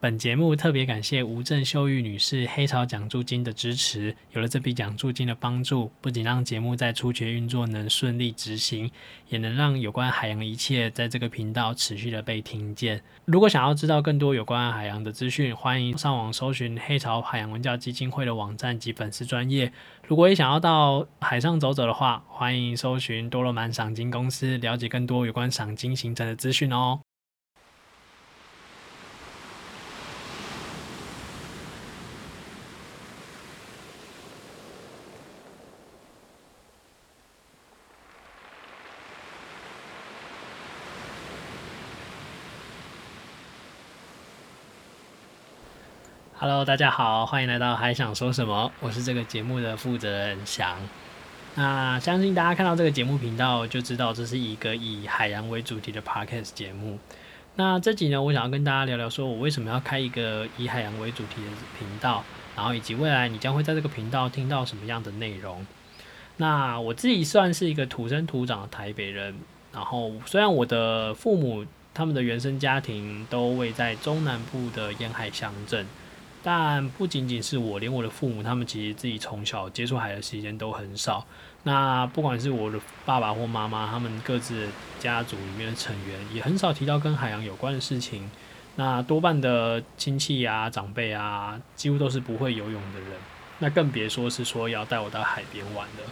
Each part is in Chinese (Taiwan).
本節目特別感謝吳正秀玉女士黑潮獎助金的支持。有了這筆獎助金的幫助，不僅讓節目在初期運作能順利執行，也能讓有關海洋一切在這個頻道持續地被聽見。如果想要知道更多有關海洋的資訊，歡迎上網搜尋黑潮海洋文教基金會的網站及粉絲專頁。如果也想要到海上走走的話，歡迎搜尋多羅滿賞鯨公司，了解更多有關賞鯨行程的資訊哦。Hello，大家好，歡迎來到《海想說什麼》，我是這個節目的負責人翔。那相信大家看到這個節目頻道，就知道這是一個以海洋為主題的 Podcast 節目。那這集呢，我想要跟大家聊聊，說我為什麼要開一個以海洋為主題的頻道，然後以及未來你將會在這個頻道聽到什麼樣的內容。那我自己算是一個土生土長的台北人，然後雖然我的父母他們的原生家庭都位在中南部的沿海鄉鎮。但不僅僅是我，連我的父母，他們其實自己從小接觸海的時間都很少。那不管是我的爸爸或媽媽，他們各自的家族裡面的成員也很少提到跟海洋有關的事情。那多半的親戚呀、啊、長輩啊，幾乎都是不會游泳的人。那更別說是說要帶我到海邊玩的。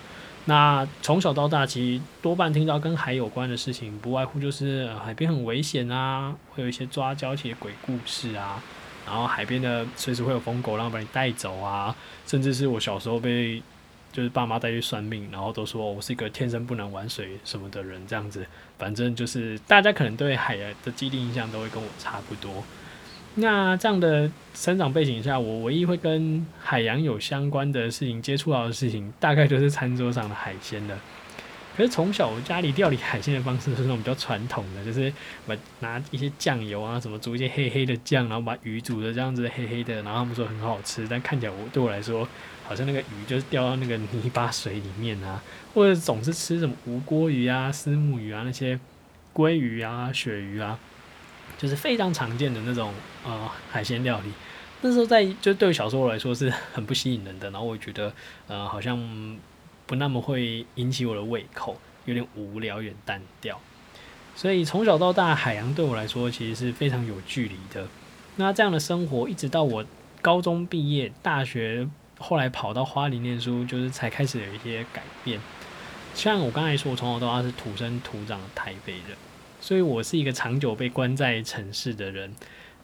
那從小到大，其實多半聽到跟海有關的事情，不外乎就是、呃、海邊很危險啊，會有一些抓交替一些鬼故事啊。然後海邊的隨時會有瘋狗，然後把你帶走啊！甚至是我小時候被，就是爸媽帶去算命，然後都說我是一個天生不能玩水什麼的人，這樣子。反正就是大家可能對海的既定印象都會跟我差不多。那這樣的生長背景下，我唯一會跟海洋有相關的事情接觸到的事情，大概就是餐桌上的海鮮了。可是從小，我家裡料理海鮮的方式是那種比較傳統的，就是我拿一些醬油啊什麼煮一些黑黑的醬，然後把魚煮的這樣子黑黑的，然後他們說很好吃。但看起來，我對我來說，好像那個魚就是掉到那個泥巴水裡面啊，或者總是吃什麼吳郭魚啊、虱目魚啊、那些鮭魚啊、鱈魚啊，就是非常常見的那種呃海鮮料理。那時候在就對小時候來說是很不吸引人的，然後我覺得呃好像。不那麼會引起我的胃口，有點無聊，有點單調。所以從小到大，海洋對我來說其實是非常有距離的。那這樣的生活，一直到我高中畢業，大學後來跑到花蓮念書，就是才開始有一些改變。像我剛才說，我從小到大是土生土長的台北人，所以我是一個長久被關在城市的人。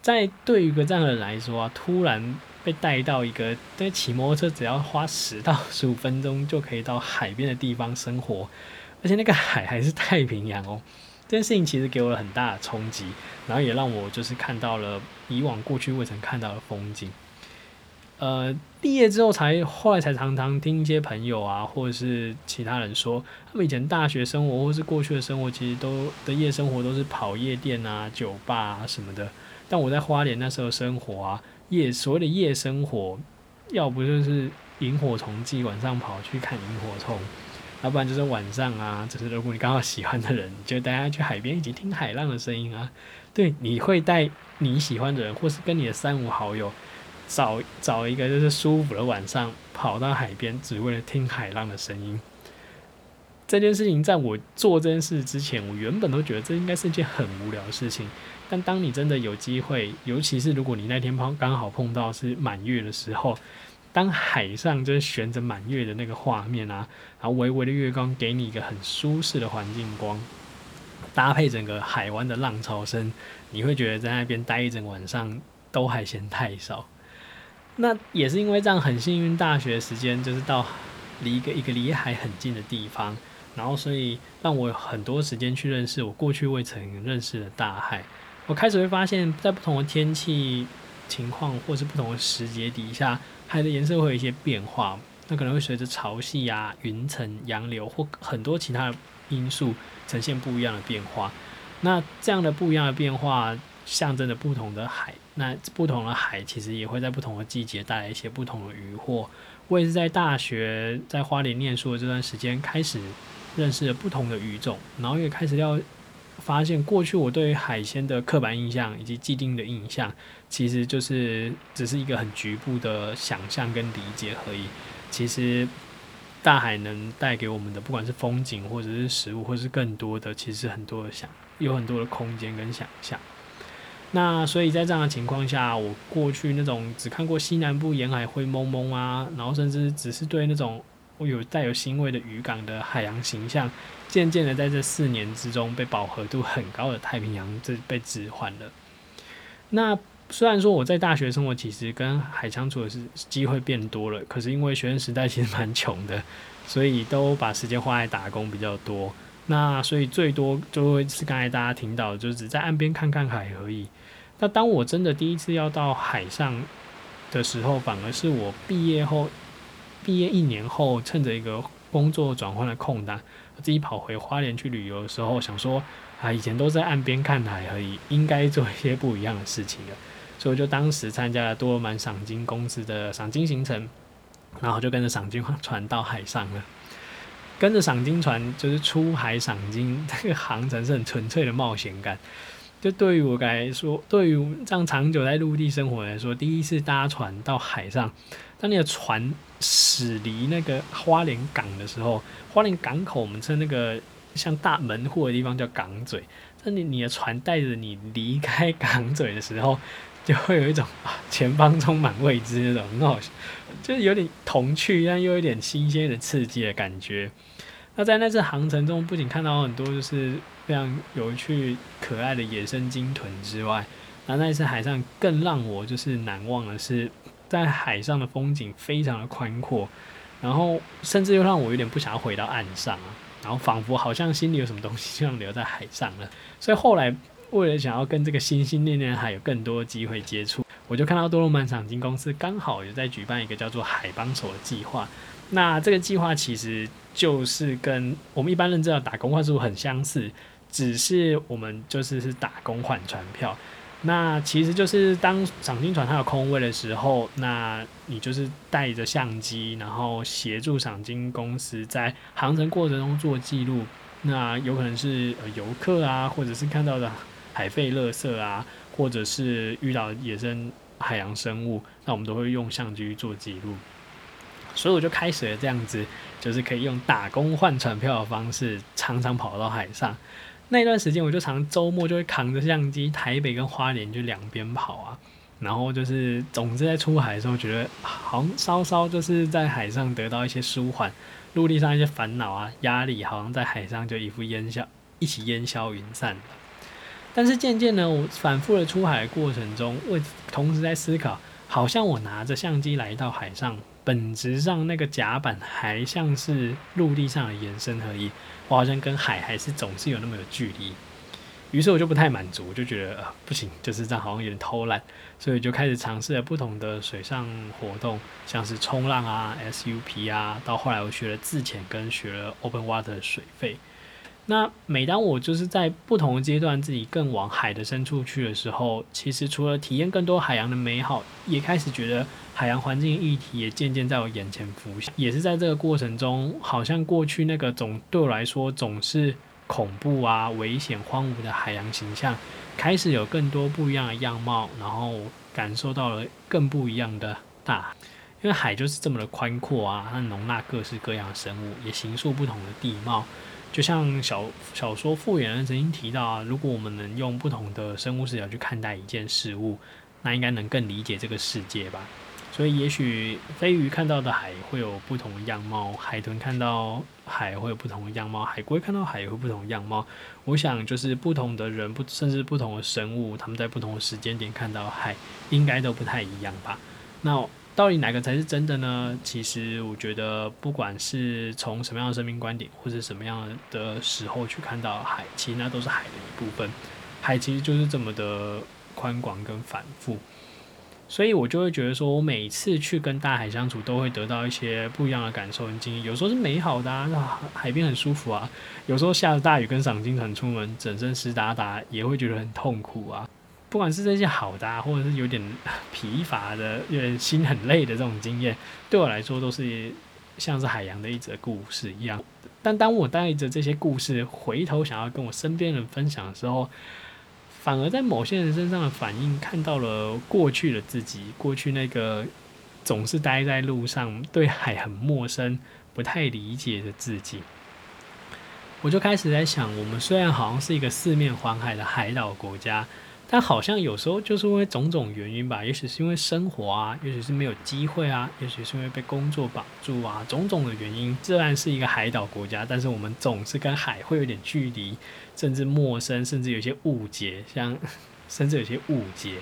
在對於一個這樣的人來說，啊，突然。被帶到一個，在騎摩托車只要花十到十五分鐘就可以到海邊的地方生活，而且那個海還是太平洋哦、喔。這件事情其實給我了很大的衝擊，然後也讓我就是看到了以往過去未曾看到的風景。呃，畢業之後才後來才常常聽一些朋友啊，或者是其他人說，他們以前大學生活或是過去的生活，其實都的夜生活都是跑夜店啊、酒吧啊什麼的。但我在花蓮那時候生活啊。夜，所謂的夜生活，要不就是螢火蟲季，晚上跑去看螢火蟲，要不然就是晚上啊，就是如果你剛好喜歡的人，就大家去海邊一起聽海浪的聲音啊。對，你會帶你喜歡的人，或是跟你的三五好友，找找一個就是舒服的晚上，跑到海邊，只為了聽海浪的聲音。這件事情在我做這件事之前，我原本都覺得這應該是一件很無聊的事情。但當你真的有機會，尤其是如果你那天碰剛好碰到是滿月的時候，當海上就是懸着滿月的那個畫面啊，然後微微的月光給你一個很舒適的環境光，搭配整個海灣的浪潮聲，你會覺得在那邊待一整晚上都還嫌太少。那也是因為這樣，很幸運，大學的時間就是到離一個一個離海很近的地方。然後，所以讓我有很多時間去認識我過去未曾認識的大海。我開始會發現，在不同的天氣情況或是不同的時節底下，海的顏色會有一些變化。那可能會隨着潮汐呀、啊、雲層、洋流或很多其他的因素呈現不一樣的變化。那這樣的不一樣的變化象徵着不同的海。那不同的海其實也會在不同的季節帶來一些不同的漁獲。我也是在大學在花蓮念書的這段時間開始。認識了不同的魚種，然後也開始要發現，過去我對於海鮮的刻板印象以及既定的印象，其實就是只是一個很局部的想象跟理解而已。其實大海能帶給我們的，不管是風景，或者是食物，或者是更多的，其實很多的想，有很多的空間跟想象。那所以在這樣的情況下，我過去那種只看過西南部沿海灰蒙蒙啊，然後甚至只是對那種。我有帶有腥味的漁港的海洋形象，漸漸的在這四年之中被飽和度很高的太平洋這被置換了。那雖然說我在大學生活其實跟海相處的是機會變多了，可是因為學生時代其實蠻窮的，所以都把時間花在打工比較多。那所以最多就會是剛才大家聽到的，就是只在岸邊看看海而已。那當我真的第一次要到海上的時候，反而是我畢業後。畢業一年後，趁着一個工作轉換的空檔，自己跑回花蓮去旅遊的時候，想說啊，以前都在岸邊看海而已，應該做一些不一樣的事情了。所以就當時參加了多羅滿賞鯨公司的賞鯨行程，然後就跟着賞鯨船，船到海上了。跟着賞鯨船就是出海賞鯨，這個航程是很純粹的冒險感。就對於我來說，對於這樣長久在陸地生活來說，第一次搭船到海上，當你的船駛離那個花蓮港的時候，花蓮港口我們稱那個像大門戶的地方叫港嘴，那你你的船帶着你離開港嘴的時候，就會有一種啊前方充滿未知的那種很好，就是有點童趣，但又有點新鮮的刺激的感覺。那在那次航程中，不僅看到很多就是非常有趣可愛的野生鯨豚之外，那那次海上更讓我就是難忘的是，在海上的風景非常的寬闊，然後甚至又讓我有點不想要回到岸上啊，然後仿佛好像心裡有什麼東西就想留在海上了。所以後來為了想要跟這個心心念念的海有更多的機會接觸，我就看到多羅滿賞鯨公司剛好也在舉辦一個叫做“海幫手”的計劃。那這個計劃其實。就是跟我們一般認知的打工換宿很相似，只是我們就是是打工換船票。那其實就是當賞鯨船它有空位的時候，那你就是帶着相機，然後協助賞鯨公司在航程過程中做記錄。那有可能是遊客啊，或者是看到的海廢垃圾啊，或者是遇到野生海洋生物，那我們都會用相機做記錄。所以我就開始了這樣子，就是可以用打工換船票的方式，常常跑到海上。那段時間，我就常周末就會扛着相機，台北跟花蓮就兩邊跑啊。然後就是，總之在出海的時候，覺得好像稍稍就是在海上得到一些舒緩，陸地上一些煩惱啊、壓力，好像在海上就一副煙消一起煙消雲散。但是漸漸呢，我反覆的出海的過程中，我同時在思考，好像我拿着相機來到海上。本質上，那個甲板還像是陸地上的延伸而已。我好像跟海還是總是有那麼有距離，於是我就不太滿足，我就覺得呃，不行，就是這樣好像有點偷懶，所以就開始嘗試了不同的水上活動，像是衝浪啊、SUP 啊，到後來我學了自潛，跟學了 Open Water 的水肺。那每當我就是在不同的階段，自己更往海的深處去的時候，其實除了體驗更多海洋的美好，也開始覺得海洋環境的議題也漸漸在我眼前浮現。也是在這個過程中，好像過去那個總對我來說總是恐怖啊、危險、荒蕪的海洋形象，開始有更多不一樣的樣貌，然後感受到了更不一樣的大海。因為海就是這麼的寬闊啊，它容納各式各樣的生物，也形塑不同的地貌。就像小小說複眼人曾經提到啊，如果我們能用不同的生物視角去看待一件事物，那應該能更理解這個世界吧。所以也許飛魚看到的海會有不同的樣貌，海豚看到海會有不同的樣貌，海龜看到海也會不同的樣貌。我想就是不同的人不，甚至不同的生物，他們在不同的時間點看到海，應該都不太一樣吧。那。到底哪個才是真的呢？其實我覺得，不管是從什麼樣的生命觀點，或者什麼樣的時候去看到海，其實那都是海的一部分。海其實就是這麼的寬廣跟繁複，所以我就會覺得說，我每次去跟大海相處，都會得到一些不一樣的感受跟經歷。有時候是美好的、啊，那、啊、海邊很舒服啊；有時候下了大雨，跟賞鯨船出門，整身濕噠噠，也會覺得很痛苦啊。不管是這些好的，或者是有點疲乏的、有點心很累的這種經驗，對我來說都是像是海洋的一則故事一樣。但當我帶着這些故事回頭想要跟我身邊人分享的時候，反而在某些人身上的反應，看到了過去的自己，過去那個總是待在陸上、對海很陌生、不太理解的自己。我就開始在想，我們雖然好像是一個四面環海的海島國家。但好像有時候就是因為種種原因吧，也許是因為生活啊，也許是沒有機會啊，也許是因為被工作綁住啊，種種的原因。雖然是一個海島國家，但是我們總是跟海會有點距離，甚至陌生，甚至有些誤解，像甚至有些誤解。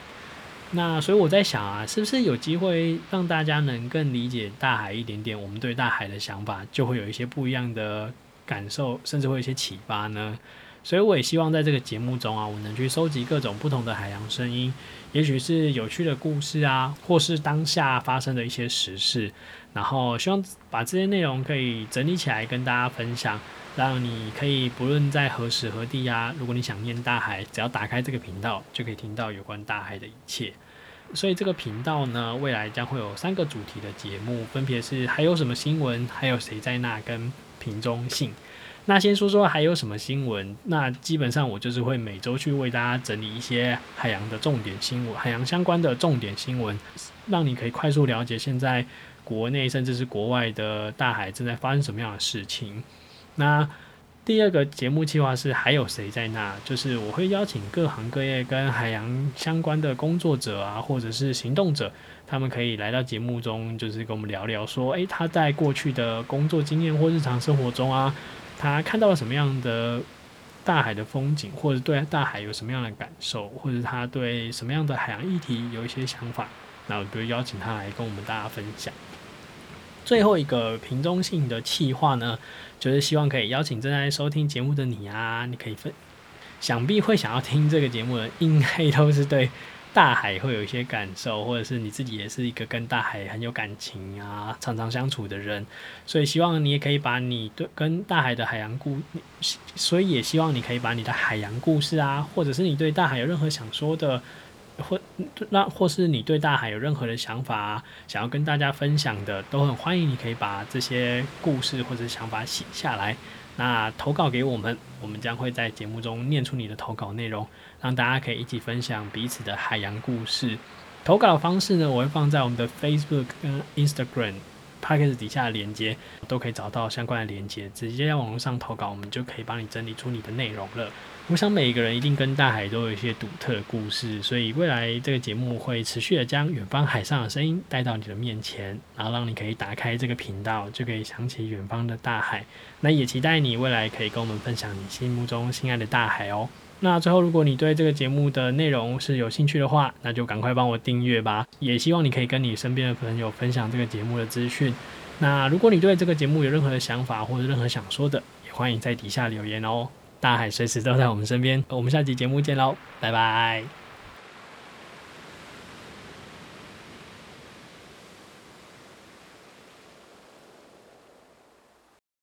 那所以我在想啊，是不是有機會讓大家能更理解大海一點點，我們對大海的想法就會有一些不一樣的感受，甚至會有一些啟發呢？所以我也希望在這個節目中啊，我能去收集各種不同的海洋聲音，也許是有趣的故事啊，或是當下發生的一些時事，然後希望把這些內容可以整理起來跟大家分享，讓你可以不論在何時何地呀，啊，如果你想念大海，只要打開這個頻道就可以聽到有關大海的一切。所以這個頻道呢，未來將會有三個主題的節目，分別是還有什麼新聞、還有誰在那跟瓶中信。那先說說還有什麼新聞？那基本上我就是會每周去為大家整理一些海洋的重點新聞、海洋相關的重點新聞，讓你可以快速了解現在國內甚至是國外的大海正在發生什麼樣的事情。那第二個節目計劃是還有誰在那？那就是我會邀請各行各業跟海洋相關的工作者啊，或者是行動者，他們可以來到節目中，就是跟我們聊聊說，說、欸、哎他在過去的工作經驗或日常生活中啊。他看到了什麼樣的大海的風景，或者對大海有什麼樣的感受，或者他對什麼樣的海洋議題有一些想法，那我就邀請他來跟我們大家分享。最後一個瓶中信的企劃呢，就是希望可以邀請正在收聽節目的你啊，你可以分，想必會想要聽這個節目的，應該都是對。大海會有一些感受，或者是你自己也是一個跟大海很有感情啊、常常相處的人，所以希望你也可以把你對跟大海的海洋故，所以也希望你可以把你的海洋故事啊，或者是你對大海有任何想說的，或那或是你對大海有任何的想法啊，想要跟大家分享的，都很歡迎，你可以把這些故事或者想法寫下來，那投稿給我們，我們將會在節目中念出你的投稿內容。讓大家可以一起分享彼此的海洋故事。投稿方式呢，我會放在我們的 Facebook 跟 Instagram、Podcast 底下的鏈接，都可以找到相關的連接，直接在網絡上投稿，我們就可以幫你整理出你的內容了。我想每一個人一定跟大海都有一些獨特的故事，所以未來這個節目會持續的將遠方海上的聲音帶到你的面前，然後讓你可以打開這個頻道，就可以想起遠方的大海。那也期待你未來可以跟我們分享你心目中心愛的大海哦、喔。那最後，如果你對這個節目的內容是有興趣的話，那就趕快幫我訂閱吧。也希望你可以跟你身邊的朋友分享這個節目的資訊。那如果你對這個節目有任何的想法或者任何想說的，也歡迎在底下留言哦、喔。大海隨時都在我們身邊，我們下集節目見嘍，拜拜。